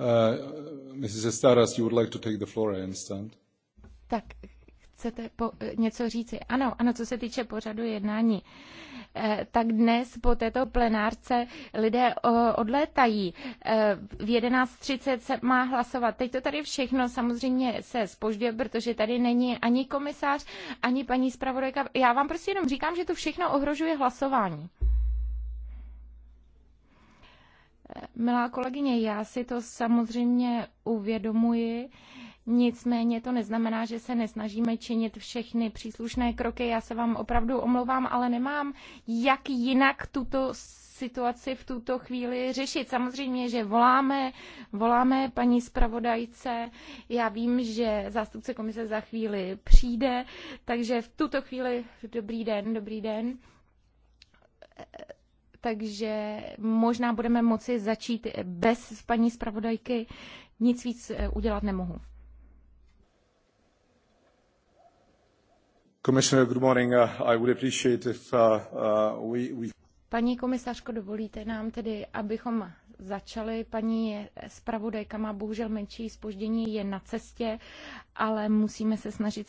Uh, Mrs. Estaras, you would like to take the floor, I understand. Tak, chcete po, eh, něco říci? Ano, ano, co se týče pořadu jednání. Eh, tak dnes po této plenárce lidé eh, odlétají. v 11.30 se má hlasovat. Teď to tady všechno samozřejmě se spožďuje, protože tady není ani komisář, ani paní zpravodajka. Já vám prostě jenom říkám, že to všechno ohrožuje hlasování. Milá kolegyně, já si to samozřejmě uvědomuji, nicméně to neznamená, že se nesnažíme činit všechny příslušné kroky. Já se vám opravdu omlouvám, ale nemám, jak jinak tuto situaci v tuto chvíli řešit. Samozřejmě, že voláme, voláme paní zpravodajce. Já vím, že zástupce komise za chvíli přijde, takže v tuto chvíli dobrý den, dobrý den takže možná budeme moci začít bez paní zpravodajky. Nic víc eh, udělat nemohu. Commissioner, good morning. Uh, I would appreciate if uh, uh, we, we... Paní komisařko, dovolíte nám tedy, abychom začali. Paní zpravodajka má bohužel menší spoždění, je na cestě, ale musíme se snažit samozřejmě.